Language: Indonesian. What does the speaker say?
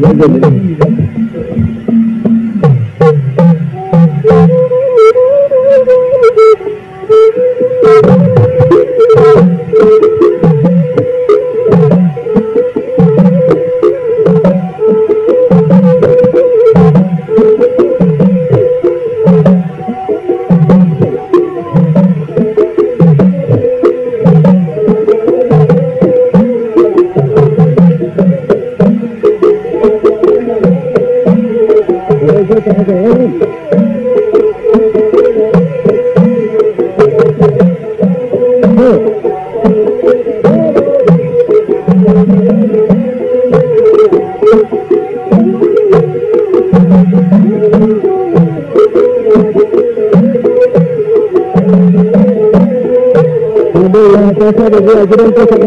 Muito Sampai yang saya ada